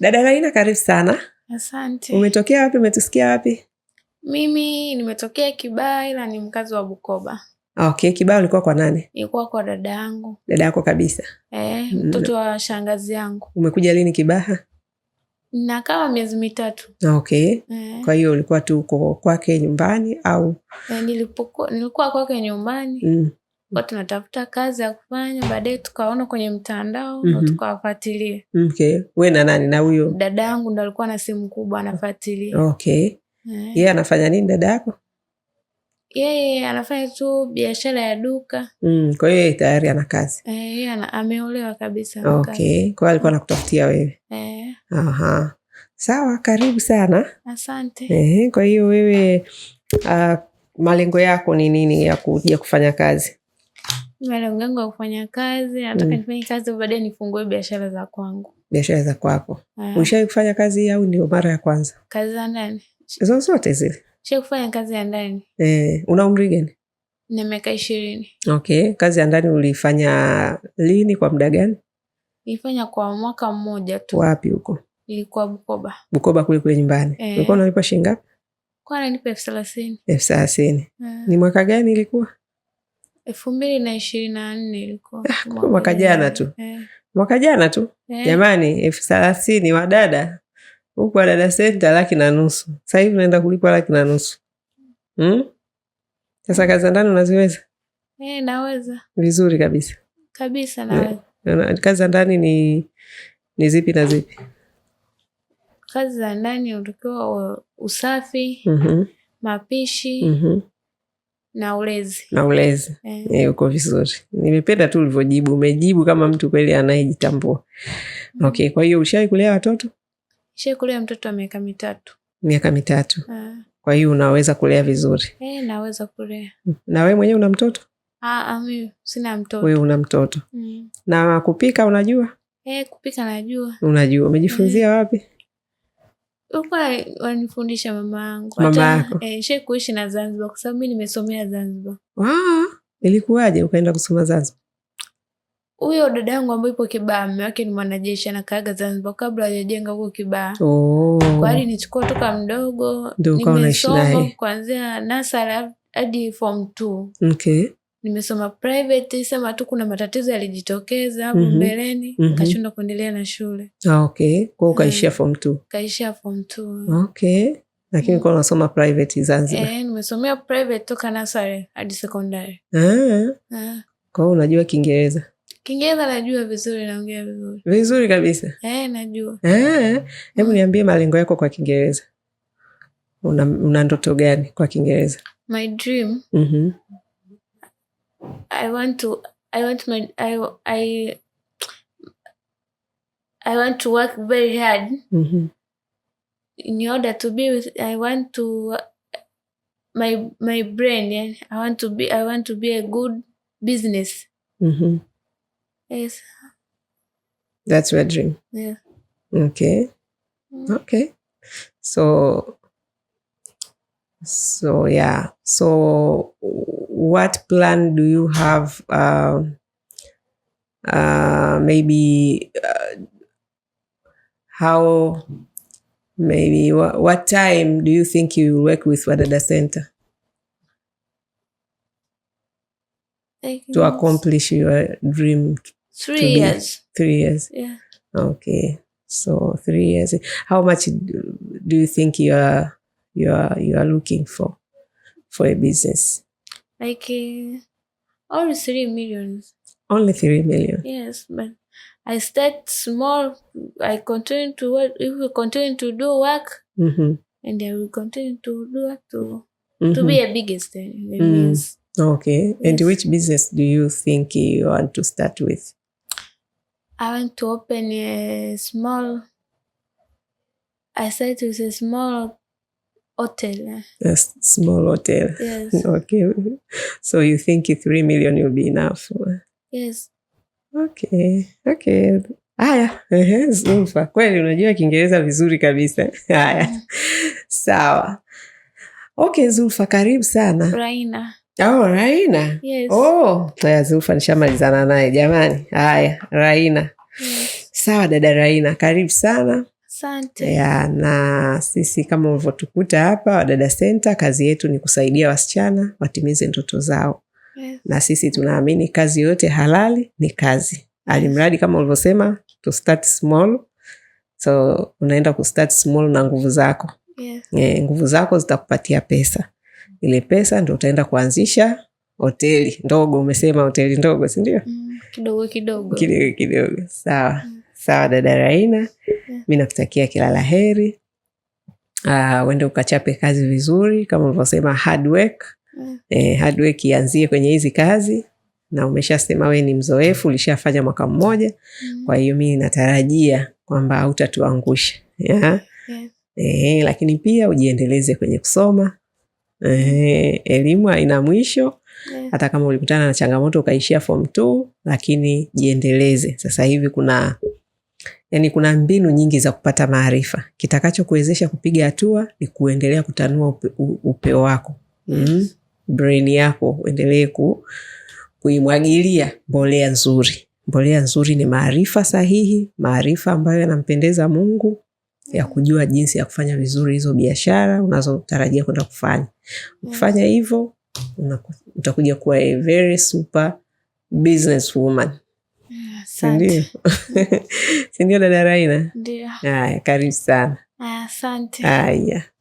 Dada Raina, karibu sana. Asante. Umetokea wapi? Umetusikia wapi? Mimi nimetokea Kibaa, ila ni mkazi wa Bukoba. Okay, Kibaa ulikuwa kwa nani? Nilikuwa kwa dada yangu. Dada yako kabisa? Eh, mm. mtoto wa shangazi yangu. Umekuja lini Kibaha? na miezi mitatu. Okay. E. Kwa hiyo ulikuwa tu uko kwake nyumbani au? E, nilikuwa kwake nyumbani mm kwa tunatafuta kazi ya kufanya, baadaye tukaona kwenye mtandao mm -hmm. na tukawafuatilia. Okay, we na nani na huyo dada yangu ndo alikuwa na simu kubwa anafuatilia. Okay, eh. yeye yeah, anafanya nini dada yako? Yeye yeah, anafanya tu biashara ya duka mm, kwa hiyo yeye tayari ana kazi eh, yeah, ameolewa kabisa. Okay, kwa hiyo alikuwa anakutafutia wewe eh. Aha, sawa, karibu sana, asante eh. Kwa hiyo wewe uh, malengo yako ni nini ya kuja kufanya kazi? Baada yaani mganga wa kufanya kazi nataka mm. nifanye kazi baadaye nifungue biashara za kwangu. Biashara za kwako. Ah. ushawahi kufanya kazi au ndio mara ya kwanza? Kazi za ndani zozote zile? Sha kufanya kazi ya ndani eh. Una umri gani? na miaka ishirini. Okay, kazi ya ndani ulifanya lini, kwa muda gani? Nilifanya kwa mwaka mmoja tu. Wapi huko? Ilikuwa Bukoba. Bukoba kule kule nyumbani. Eh. Ulikuwa unalipa shilingi ngapi? Kwa ananipa elfu thelathini. Elfu thelathini. Ah. Ni mwaka gani ilikuwa? elfu mbili na ishirini na nne ilikuwa ah, mwaka jana tu eh. mwaka jana tu eh. Jamani, elfu thelathini wadada huku Wadada Senta laki na nusu, sasa hivi unaenda kulipwa laki na nusu hmm? sasa hmm? kazi za ndani unaziweza eh? Naweza vizuri kabisa kabisa, naweza kazi za ndani ni ni zipi na zipi? Kazi za ndani utakiwa uh, usafi, mm -hmm. mapishi mm -hmm na ulezi na ulezi eh. eh. Uko vizuri, nimependa tu ulivyojibu. Umejibu kama mtu kweli anayejitambua mm. Okay, kwa hiyo ushawai kulea watoto? Shai kulea mtoto wa miaka mitatu. Miaka mitatu ah. Kwa hiyo unaweza kulea vizuri eh? Naweza kulea. Na wewe mwenyewe una mtoto? Ah, ah sina mtoto. Wewe una mtoto mm. Na kupika unajua eh? Kupika najua. Unajua, umejifunzia eh. wapi? wanifundisha mama yangu. Mama yako eh, she kuishi na Zanzibar kwa sababu mi nimesomea Zanzibar. Ah, ilikuwaje ukaenda kusoma Zanzibar? Huyo dada yangu ambayo ipo Kibaa, mume wake ni mwanajeshi, anakaaga Zanzibar kabla hajajenga huko Kibaa. Oh. Kwa hiyo nichukua toka mdogo nimesoma kuanzia nasara hadi form two. Okay nimesoma private, sema tu kuna matatizo yalijitokeza hapo mm -hmm. mbeleni mm -hmm. Nikashindwa kuendelea na shule. Ah, okay. Kwa hiyo ukaishia eh, form 2. Kaishia form 2. Okay. Lakini kwa unasoma private Zanzibar. Eh, nimesomea private toka nasare hadi secondary. Ah. Ah. Kwa hiyo unajua Kiingereza? Kiingereza najua vizuri, naongea vizuri. Vizuri kabisa. Eh, najua. Eh. Hebu mm. niambie malengo yako kwa Kiingereza. Una, una ndoto gani kwa Kiingereza? My dream. Mhm. Mm I want to I want my I I I want to work very hard mm-hmm. in order to be with I want to my my brain yeah? I want to be I want to be a good business mm-hmm. yes that's your dream yeah okay mm-hmm. okay so so yeah so what plan do you have? Uh, uh, maybe uh, how maybe wh- what time do you think you work with Wadada Center to accomplish your dream? Three years. Three years. Yeah. Okay. So three years. How much do you think you are you are you are looking for for a business? like uh, only three millions. Only three million. Yes, but I start small. I continue to work. If we continue to do work, mm-hmm. and I will continue to do work to mm-hmm. to be mm-hmm. a biggest. Uh, mm. okay. Yes. And which business do you think you want to start with? I want to open a small. I start with a small hotel. A small hotel. Yes. Okay. So you think million will be enough? Yes. Okay. Okay. Haya, kweli unajua Kiingereza vizuri kabisa. Haya, mm. sawa. Okay, Zulfa, karibu sana. Raina. Oh, Raina. Yes. Oh, Zulfa nishamalizana naye jamani. Haya, Raina. Yes. Sawa, dada Raina, karibu sana. Asante. Ya, na sisi kama ulivyotukuta hapa Wadada Center, kazi yetu ni kusaidia wasichana watimize ndoto zao yes. Na sisi tunaamini kazi yoyote halali ni kazi, Yes. alimradi kama ulivyosema to start small. So unaenda ku start small na nguvu zako yes. Yeah, nguvu zako zitakupatia pesa, ile pesa ndio utaenda kuanzisha hoteli ndogo. Umesema hoteli ndogo, si ndio? mm, kidogo kidogo kidogo kidogo, sawa mm. Sawa dada Raina, mi nakutakia kila la heri, ah, uende ukachape kazi vizuri kama ulivyosema hard work. Eh, hard work ianzie kwenye hizi kazi na umeshasema we ni mzoefu, ulishafanya mwaka mmoja. mm -hmm. Kwa hiyo mi natarajia kwamba hautatuangusha yeah. yeah. Eh, lakini pia ujiendeleze kwenye kusoma. Eh, elimu haina mwisho yeah. hata kama ulikutana na changamoto ukaishia form two, lakini jiendeleze. Sasa hivi kuna yani kuna mbinu nyingi za kupata maarifa. Kitakachokuwezesha kupiga hatua ni kuendelea kutanua upe, upeo wako mm? Brain yako uendelee ku, kuimwagilia mbolea nzuri. Mbolea nzuri ni maarifa sahihi, maarifa ambayo yanampendeza Mungu ya kujua jinsi ya kufanya vizuri hizo biashara unazotarajia kwenda kufanya. Ukifanya hivyo utakuja kuwa a very super business woman. Sindio? Sindio, dada Raina? Ndio. Haya, karibu sana. Asante. Haya.